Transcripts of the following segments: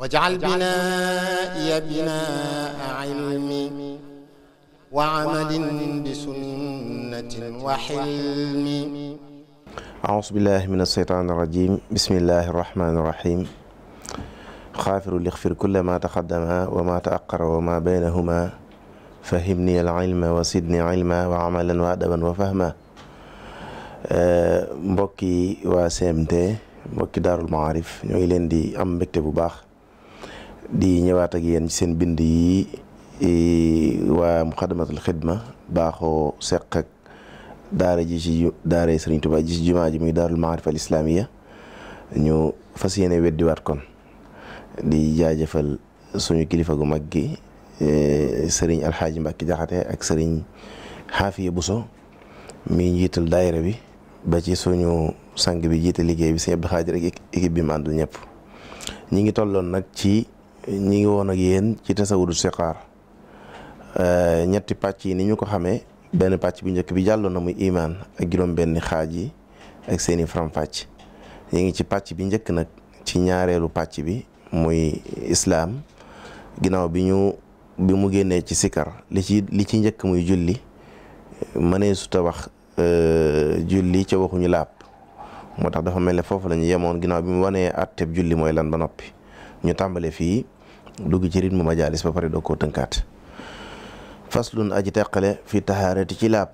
واجعل بنائي بناء علم وعمل بسنة وحلم أعوذ بالله من الشيطان الرجيم بسم الله الرحمن الرحيم خافر ليغفر كل ما تقدم وما تأقر وما بينهما فهمني العلم وسدني علما وعملا وأدبا وفهما mbokki waa CMT mbokki daarul maarif ñoo ngi leen di am mbégte bu baax di ñëwaat ak yéen seen bind yi e, waa Muxaddamatul Xidma baaxoo seq ak daara ji ci daara Sëriñ jumaa ji muy daarul maarifa al islaamiya ñu fas yéene weddiwaat kon di jaajëfal suñu kilifa gu mag gi e, sëriñ alxaaji Mbàkke Jaxate ak sëriñ Xaafiya Buso mi njiital daayira bi ba ci suñu sang bi jiite liggéey bi sëñ Abdu Xaadir ak équipe bi mu àndul ñëpp ñi ngi tolloon nag ci ñu ngi woon ak yéen ci tasawudu siqaar euh, ñetti pàcc yi ni ñu ko xamee benn pàcc bi njëkk bi jàlloon na muy imaan ak juróom-benni xaaj ak seeni faram-fàcc ñu ngi ci pàcc bi njëkk nag ci ñaareelu pàcc bi muy islaam ginnaaw bi ñu bi mu génnee ci sikar li ci li ci njëkk muy julli mënee su ta wax euh, julli ca waxuñu laab moo tax dafa mel ne foofu la ñu yemoon ginnaaw bi mu wanee atteb julli mooy lan ba noppi ñu tàmbale fii dugg ci rythme majalis ba pare doo koo tënkaat faslun aji teqale fi taxaarati ci laab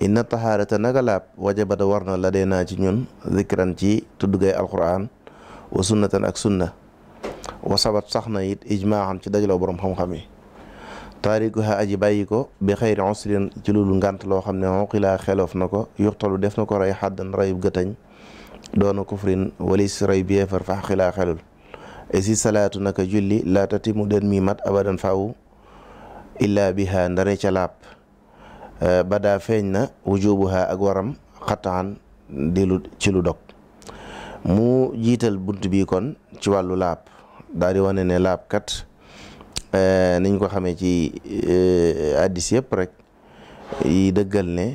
inna taxaarata naga laab wajaba da war na la dee naa ci ñun zikran ci tuddugay alquran wa sunnatan ak sunna wa sabat sax na yit it xam ci dajaloo boroom xam-xam yi taarikuha aji bàyyi ko bi xayri usrin ci loolu ngànt loo xam ne xonqilaa xeloof na ko yuxtalu def na ko rey xaddan rayub gëtañ doona kufrin walis rey bi fa xaqilaa xelul et si salaatu naka julli laata timu den mi mat abadan faaw illaa biha ndare laab eh, badaa feeñ na wujubuha ak waram xataan di lu dog mu jiital bunt bi kon ci wàllu laab daal di wane ne laab kat eh, niñ ko xamee ci eh, addis yëpp rek yi dëggal ne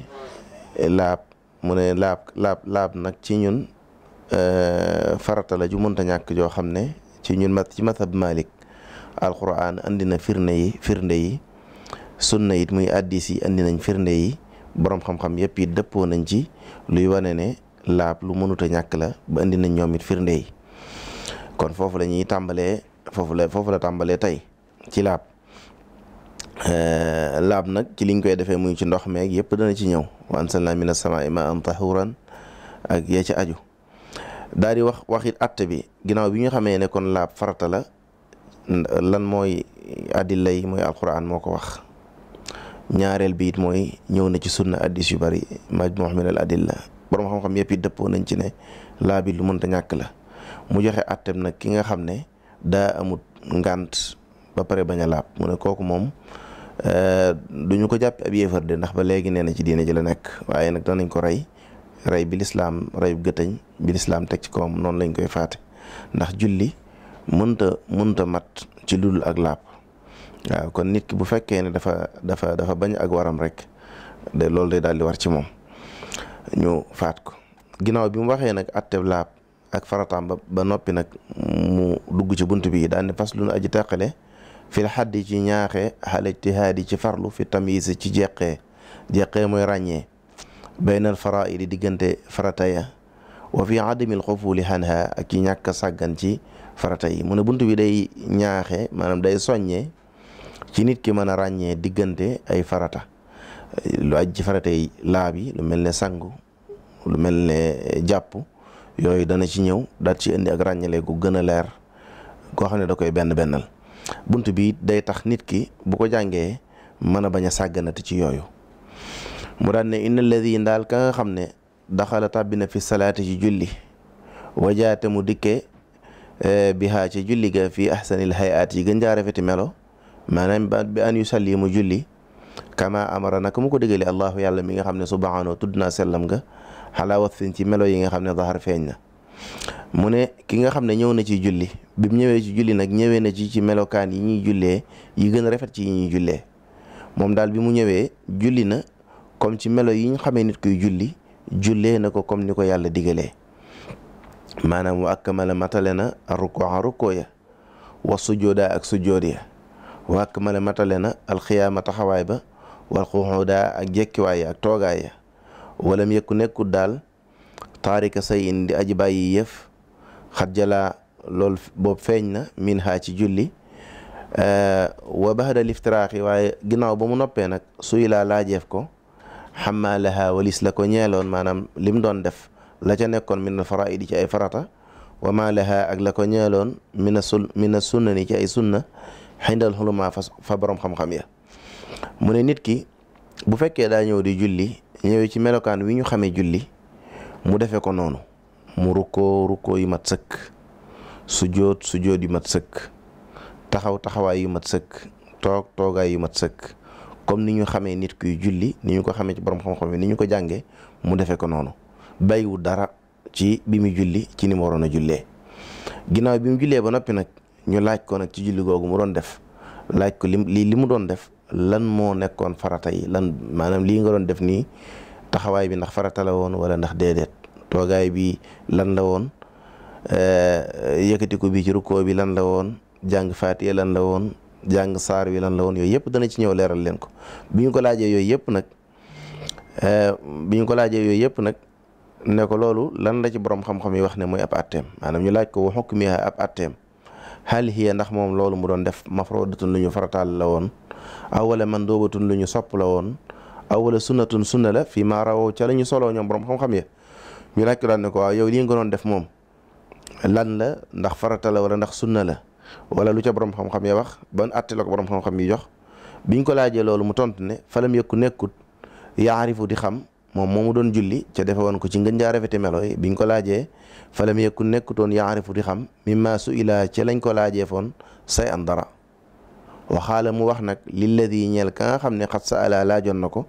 laab mu ne laab laab nag ci ñun farata la ju mënta xam ne ci ñun mat ci mathab Malik alquran andi andina firnde yi firnde yi sunna it muy addis yi nañ firnde yi boroom xam-xam yëpp it dëppoo nañ ci luy wane ne laab lu mënut a ñàkk la ba andi nañ ñoom it firnde yi kon foofu la ñuy tàmbalee foofu la foofu la tàmbalee tey ci laab laab nag ci liñ koy defee muy ci ndox meeg yëpp dana ci ñëw wa anzalna mina samaa'i maa'an tahuuran ak ya ci aju daal di wax waxit atte bi ginnaaw bi ñu xamee ne kon laab farata la lan mooy adilla yi mooy alquran moo ko wax ñaareel bi it mooy ñëw na ci sunna addis yu bari majmuh min al adilla borom xam-xam yëpp it dëppoo nañ ci ne laa bi lu mënta ñàkk la mu joxe attem nag ki nga xam ne daa amut ngànt ba pare bañ a laab mu ne kooku moom euh, duñu ko jàppe ab yéefar de ndax ba léegi nee na ci diine ji la nekk waaye nag danañ ko rey rey bi ray reyu gëtëñ teg ci kawam noonu lañ koy faate ndax julli mënta mënta mat ci ludul ak làpp waaw kon nit ki bu fekkee ne dafa dafa dafa bañ ak waram rek de loolu day daal di war ci moom ñu faat ko ginnaaw bi mu waxee nag atteb laab ak farataam ba ba noppi nag mu dugg ci bunt bi daal ne fas lu nu aji teqale fil xaddi ci ñaaxee xal ijtihaadi ci farlu fi tamyiis ci jeqe jeqee mooy ràññee baynal faraa'idi diggante farata ya wa fi adami alxufuli hanha ak ci ñàkk sàggan ci farata yi mu ne bunt bi day ñaaxe maanaam day soññee ci nit ki mën a ràññee diggante ay farata lu aj ci farata yi lu mel ne sangu lu mel ne eh, jàpp yooyu dana ci ñëw daat ci indi ak ràññale gu gën a leer koo xam ne da koy benn bennal bunt bi day tax nit ki bu ko jàngee mën a bañ a sàgganati ci yooyu mu daan ne inna alladi ndaal ka nga xam ne daxala tàbbi na fi salaati ci julli wajaate mu dikke eh, bihaa ci julli ga fii ahsanil hayaat yi gën jaarafeti melo maanaam bi an yusalli mu julli kama amara naka mu ko digale allahu yàlla mi nga xam ne subhaanahu tudd naa sellam nga xalaa watfin ci melo yi nga xam ne zahar feeñ na mu ne ki nga xam ne ñëw na ci julli bi mu ñëwee ci julli nag ñëwee na ci ci melokaan yi ñuy jullee yi gën a rafet ci yi ñuy jullee moom daal bi mu ñëwee julli na comme ci melo yi ñu xamee nit kuy julli jullee na ko comme ni ko yàlla digalee maanaam wa akmala matale na ruku'a rukkoo ya wa sujooda ak sujood ya wa akmala matale na alxiyaama taxawaay ba wal xuxuuda ak jekkiwaay ya ak toogaay ya walam yëkku nekkul daal taarika say indi aji bàyyi yëf xat jalaa lool boobu feeñ na miin haa ci julli wa baxda liftiraaxi waaye ginnaaw ba mu noppee nag suy laa laajeef ko xam xamaalaha walis la ko ñeeloon maanaam lim doon def la ca nekkoon min al faraidi ci ay farata wa ma laha ak la ko ñeeloon min a sun min a sunna ni ci ay sunna xindal xuluma fa borom xam-xam ya mu ne nit ki bu fekkee daa ñëw di julli ñëw ci melokaan wi ñu xamee julli mu defe ko noonu mu rukkoo rukkoo yu mat sëkk sujjóot sujjóot yi mat sëkk taxaw taxawaay yu mat sëkk toog toogaay yu mat sëkk comme ni ñu xamee nit kuy julli ni ñu ko xamee ci boroom xam-xam ni ñu ko jànge mu defee ko noonu bàyyiwu dara ci bi mu julli ci ni mu waroon a jullee ginnaaw bi mu jullee ba noppi nag ñu laaj ko nag ci julli googu mu doon def laaj ko li lii li mu doon def lan moo nekkoon farata yi lan maanaam lii nga doon def nii taxawaay bi ndax farata woon wala ndax déedéet toogaay bi lan la woon euh, yëkkati ko bi ci rukkoo bi lan la woon jàng faatiya lan la woon jàng saar wi lan la woon yooyu yëpp dana ci ñëw leeral leen ko bi ñu ko laajee yooyu yëpp nag eh, bi ñu ko laajee yooyu yëpp nag ne loolu lan la ci borom xam-xam yi wax ne mooy ab atteem maanaam ñu laaj ko wa hukmiha ab atteem hal hiya ndax moom loolu mu doon def mafrudatun lu ñu farataal la woon awala mandubatun lu ñu sopp la woon awala sunnatun sunna la fii maa rawoo la ñu soloo ñoom borom xam-xam ya ñu laaj ko ko waaw yow lii nga doon def moom lan la ndax farata la wala ndax sunna la wala lu ca borom xam-xam ya wax ban atte la borom xam-xam yi jox biñ ko laajee loolu mu tont ne falam yëkku nekkut yaarifu di xam moom moomu doon julli ca defe woon ko ci ngën jaa rafete melo yi ko laajee falam yëkku nekkutoon yaarifu di xam mimma su ilaa ca lañ ko laaje foon say an dara waxaala mu wax nag lilladi ñeel ka nga xam ne xat sa ala laajoon na ko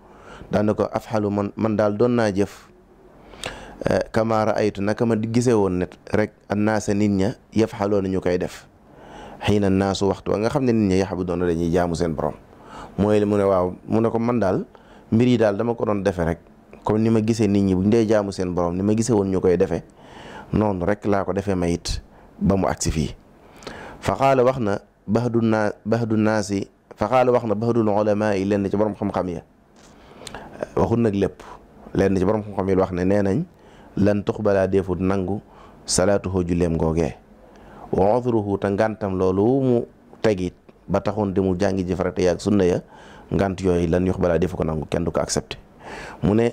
daan na ko afxalu man man daal doon naa jëf eh, kamaara aytu naka ma gisee woon net rek annaasa nit ña yafxaloo na ñu koy def xëy na naasu waxtu wa nga xam ne nit ñi yaxbu doon dañuy jaamu seen borom mooy mu ne waaw mu ne ko man daal mbir yi daal dama ko doon defee rek comme ni ma gisee nit ñi bu ñu dee jaamu seen borom ni ma gise woon ñu koy defee noonu rek laa ko defee mayit ba mu agsi fii fa wax na baxdu naa baxdu naasi fa xaala wax na baxdul ulamaa yi lenn ci borom xam-xam ya waxul nag lépp lenn ci borom xam-xam yi wax ne nee nañ lan tuxbalaa deefut nangu salaatu hoo julleem wa udruhu te ngantam loolu mu tegit ba taxoon demul jàngi ji farata yaag sunna ya ngant yooyu lan yox balaa defu ko nangu kenn du ko accepté mu ne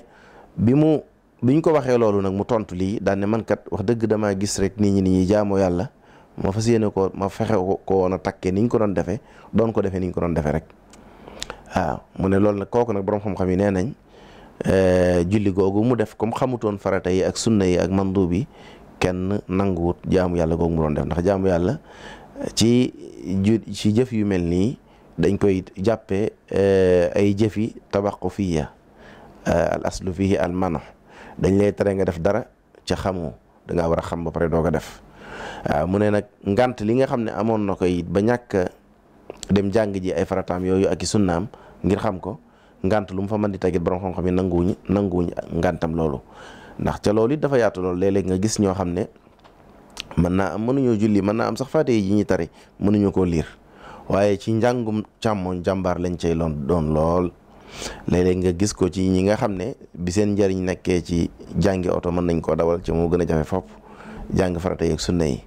bi mu biñ ko waxee loolu nag mu tontu lii daan ne man kat wax dëgg damaa gis rek nit ñi ni ñuy jaamoo yàlla ma fa yéene ko ma fexe ko woon a takkee ni ñu ko doon defee doon ko defee ni ñu ko doon defee rek waaw mu ne loolu nag kooku nag borom xam-xam yi nee nañ eh, julli googu mu def comme xamutoon farata yi ak sunna yi ak mandub yi kenn nanguwut jaamu yàlla googu mu doon def ndax jaamu yàlla ci ci jëf yu mel nii dañ koy jàppee eh, ay jëfi tabaxu fiya eh, al aslu fihi al mano dañ lay tere nga def dara ca xamoo danga ngaa war a xam ba pare doo ko def ah, mu ne nag ngant li nga xam ne amoon na ko it ba ñàkk dem jàng ji ay farataam yooyu ak i sunnaam ngir xam ko ngant lu mu fa man di tegit borom xam-xam yi nanguwuñ nanguwuñ ngantam loolu ndax ca loolu it dafa yaatu lool léeg nga gis ñoo xam ne mën naa am mënuñoo julli mën naa am sax faate yi ñu tari mënuñu koo liir waaye ci njàngum càmmooñ jàmbaar lañ cay loon doon lool léeg nga gis ko ci ñi nga xam ne bi seen njariñ nekkee ci jàngi oto mën nañ koo dawal ci moo gën a jafe fopp jàng farata yeeg sunna yi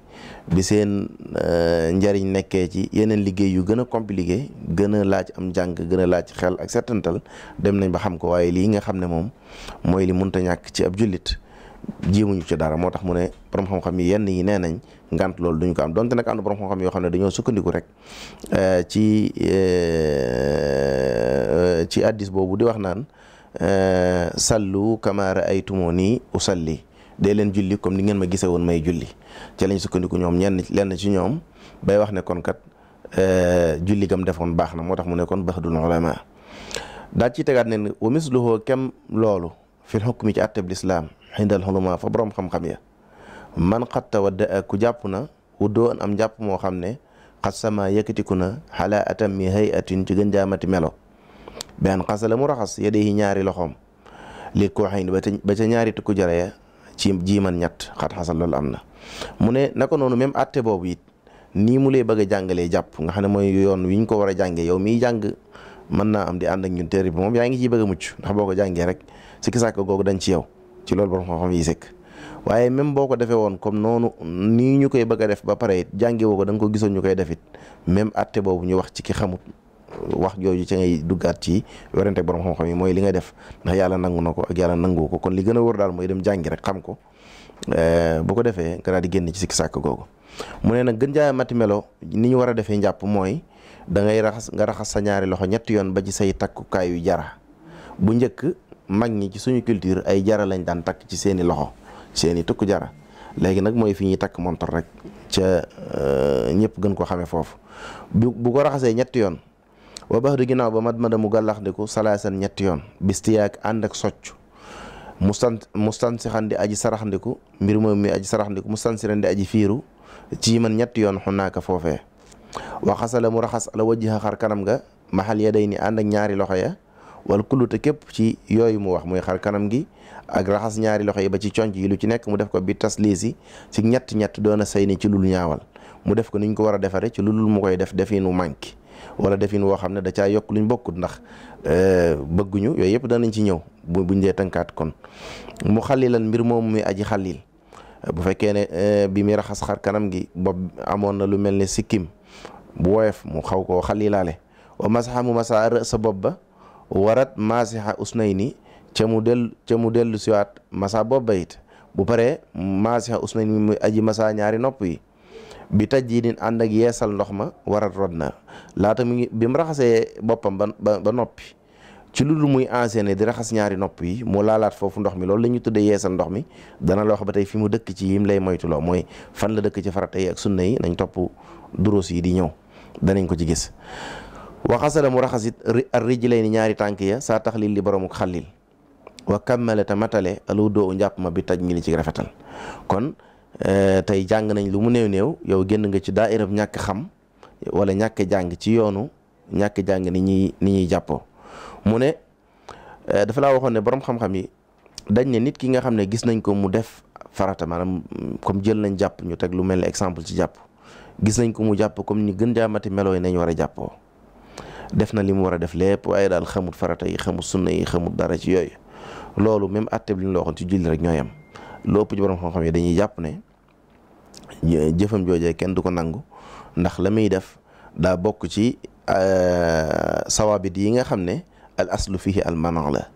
bi seen euh, njariñ nekkee ci yeneen liggéey yu gën a compliqué gën a laaj am njàng gën a laaj xel ak settantal dem nañ ba xam ko waaye lii nga xam ne moom mooy li mënta ñàkk ci ab jullit jéemuñu ci dara moo tax mu ne borom xam-xam yi yenn yi nee nañ ngant loolu duñ ko am donte nag am na borom xam-xam yoo xam ne dañoo sukkandiku rek euh, ci euh, ci addis boobu di wax naan sallu kama raaytumo nii usalli dee leen julli comme ni ngeen ma gisee woon may julli ci lañ sukkandiku ñoom ñenn lenn ci ñoom bay wax ne kon kat euh, julli gam defoon baax na moo tax mu ne kon baxdul ulama daal ci tegaat ne ni wa misluhu kem loolu fil hukmi ci atteb lislaam xindal xuluma fa borom xam-xam ya man xatta wadda ku jàpp na wuddoo am jàpp moo xam ne xas sama yëkkatiku na xalaa atam mi hay atin ci gën jaamati melo benn xasa mu raxas yedee yi ñaari loxoom li ko xayn ba ca tukku jara ci jiiman ñett xat xasal loolu am na mu ne naka noonu même atte boobu it nii mu lay bëgg a jàngalee jàpp nga xam ne mooy yoon wi ñu ko war a jàngee yow miy jàng mën naa am di ànd ak ñun téere bi moom yaa ngi ciy bëgg a mucc ndax boo ko jàngee rek si ki sàkk googu dañ ci yow ci lool borom xam-xam yi sëkk waaye même boo ko defee woon comme noonu nii ñu koy bëgg a def ba pare it jàngee woo ko da nga ko gisoon ñu koy defit même atte boobu ñu wax ci ki xamut wax jooju ci ngay duggaat ci werante borom xam-xam yi mooy li nga def ndax yàlla nangu na ko ak yàlla nangoo ko kon li gën a wóor daal mooy dem jàngi rek xam ko eh, bu ko defee nga di génn ci sikki sàkk googu mu ne nag gën mati melo ni war a defee njàpp mooy da raxas nga raxas sa ñaari loxo ñetti yoon ba ci say takkukaayu jara bu njëkk mag ñi ci suñu culture ay jara lañ daan takk ci seeni loxo seeni tukk jara léegi nag mooy fi ñuy takk montor rek ca eh, ñëpp gën ko xamee foofu bu bu ko raxasee ñetti yoon wa baxdu ginnaaw ba mat ma damu gàllaxndiku salaasan ñett yoon bistiyaak ànd ak socc mustan mustansixan di aji saraxndiku mbir moom mi aji saraxndiku mustansiran di aji fiiru ci man ñetti yoon xunaaka foofee wa xasala mu raxas la wajjiha xar kanam ga maxal ya day ni ànd ak ñaari loxo ya wal kullu te képp ci yooyu mu wax muy xar kanam gi ak raxas ñaari loxo yi ba ci conc yi lu ci nekk mu def ko bi tasliisi ci ñett ñett doon a say ni ci lul ñaawal mu def ko niñ ko war a defare ci lulul mu koy def definu manki wala defin woo xam ne da caa yokk luñ bokkut ndax euh, bëgguñu yooyu yëpp danañ ci ñëw bu buñ dee tënkaat kon mu xalilan mbir moom muy aji xalil bu fekkee ne euh, bi muy raxas xar kanam gi bopp amoon na lu mel ne sikkim bu woyof mu xaw ko xalilaale wa masaxa mu masaa sa bopp ba warat masixa usnay nii ca mu dellu ca mu dellu siwaat masa bopp ba bu paree masixa usnay ni muy aji masa ñaari nopp yi bi taj yi din ànd ak yeesal ndox ma waral rod na laata mu ngi bi mu raxasee boppam ba ba ba noppi ci lu muy enseigné di raxas ñaari nopp yi mu laalaat foofu ndox mi loolu la ñu tuddee yeesal ndox mi dana la wax ba tey fi mu dëkk ci yim lay moytuloo mooy fan la dëkk ci farata yi ak sunna yi nañ topp duruus yi di ñëw danañ ko ci gis waxasala mu raxasit ar rijlay ni ñaari tànk ya saa taxlil li boromuk xallil wa kammale te matale alu doo njàpp ma bi taj mi li ci rafetal Euh, tey jàng nañ lu mu néew néew yow génn nga ci daayirab ñàkk xam wala ñàkk jàng ci yoonu ñàkk jàng ni ñi ni ñuy jàppoo mu ne euh, dafa laa waxoon ne borom xam-xam yi dañ ne nit ki nga xam ne gis nañ ko mu def farata maanaam comme jël nañ jàpp ñu teg lu mel ne exemple ci jàpp gis nañ ko mu jàpp comme ñu gën jaamati meloo yi nañ war a jàppoo def na li mu war a def lépp waaye daal xamut farata yi xamut sunna yi xamut dara ci yooyu loolu même àtte bi li waxoon ci julli rek ñooy am lu ëpp ci yi dañuy jàpp ne jëfam joojee kenn du ko nangu ndax la muy def daa bokk ci euh, sawaabit yi nga xam ne al aslu fihi al manan la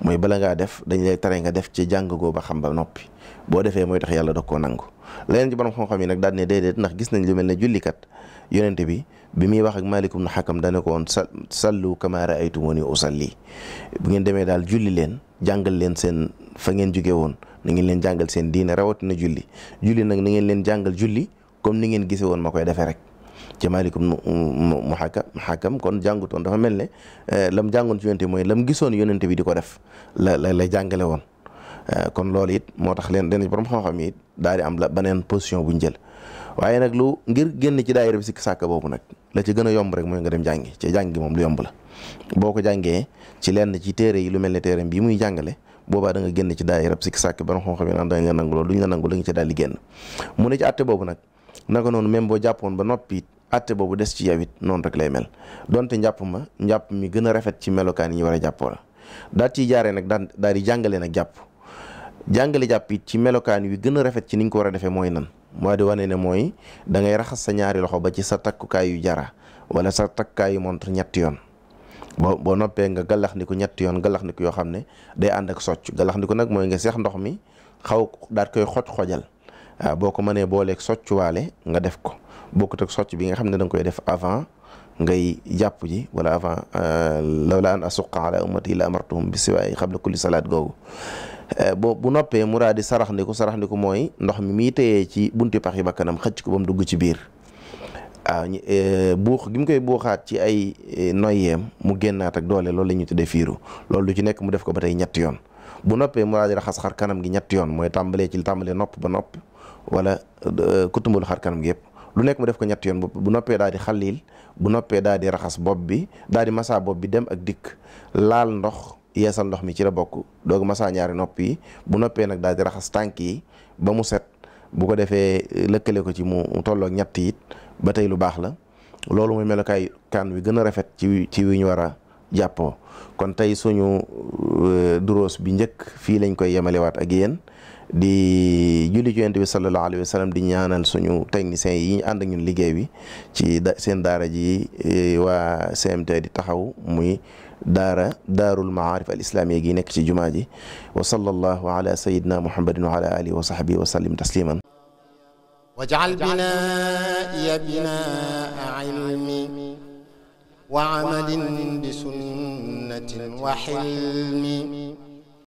mooy bala ngaa def dañu lay tere nga def ci jàng goo ba xam ba noppi boo defee mooy tax yàlla da koo nangu leneen ci borom xam-xam nag daal ne déedéet ndax gis nañ lu mel ne jullikat yonente bi bi muy wax ak malikum na xakam dane ko woon sa sallu kama raaytumuni usalli bu ngeen demee daal julli leen jàngal leen seen fa ngeen jóge woon na ngeen leen jàngal seen diine rawatina julli julli nag na ngeen leen jàngal julli comme ni ngeen gisee woon ma koy defee rek ci maalikum mu xaka xakam kon jàngutoon dafa mel ne eh, lam jàngoon ci yonente mooy lam gisoon yonente bi di ko def la la la jàngale woon eh, kon loolu it moo tax leen danañ borom xam-xam yi daal am la beneen position bu ñu jël waaye nag lu ngir génn ci daay bi sikk sàkk boobu nag la ci gën a yomb rek mooy nga dem jàngi ci jàngi moom lu yomb la boo ko jàngee ci lenn ci téere yi lu mel ne téere bi muy jàngale boobaa danga nga génn ci daayira sikki sàkk ban xonq bi naan dañ la nangu loolu duñ la nangu la nga ci daal di génn mu ne ci àtte boobu nag naka noonu même boo jàppoon ba noppi àtte boobu des ci yow it noonu rek lay mel donte njàpp ma njàpp mi gën a rafet ci melokaan yi war a jàppoo daal ciy jaaree nag daan daal di jàngale nag jàpp jàngale jàpp it ci melokaan wi gën a rafet ci ni ñu ko war a defee mooy nan moo di wane ne mooy dangay raxas sa ñaari loxo ba ci sa takkukaayu jara wala sa takkukaayu montre ñetti yoon boo boo noppee nga galax ni ko ñetti yoon galax yoo xam ne day ànd ak socc galax ni ko nag mooy nga seex ndox mi xaw daal koy xoj xoojal boo ko mënee booleeg soccuwaale nga def ko bokkut ak socc bi nga xam ne da nga koy def avant ngay jàpp ji wala avant euh, lawla an asuqa ala ummati la amartuhum bi siwaay qabla kulli salaat googu euh, boo bu noppee muraadi sarax ni ko sarax ko mooy ndox mi miy téyee ci bunti pax yi bakkanam xëcc ko ba dugg ci biir waaw euh, buux gi mu koy buuxaat ci ay euh, noyyeem mu génnaat ak doole loolu la ñuy tuddee fiiru loolu lu ci nekk mu def ko ba tey ñetti yoon bu noppee mu raadi raxas gi ñetti yoon mooy tàmbalee ci tàmbalee nopp ba nopp wala euh, kutumbul xar kanam yëpp lu nekk mu def ko ñetti yoon bu noppee daal di xalil bu noppee daal di raxas bopp bi daal di masaa bopp bi dem ak dikk laal ndox yeesal ndox mi ci la bokk doog masaa ñaari nopp yi bu noppee nag daal di raxas tànk yi ba mu set bu ko defee lëkkale ko ci mu tollook ñett it ba tey lu baax la loolu mooy melokaay kaan wi gën a rafet ci ci wi ñu war a jàppoo kon tey suñu euh, duroos bi njëkk fii lañ koy yemalewaat ak yéen di julli ci yonent bi sallallahu alayhi wa di ñaanal suñu techniciens yi ànd ak ñun liggéey bi ci seen daara ji euh, waa CMT di taxaw muy daara daarul maarif al islamiya gi nekk ci jumaa ji wa sallallahu ala sayyidina muhammadin wa ala alihi wa sahbihi wa sallim tasliman واجعل بنائي بناء علم وعمل بسنة وحلم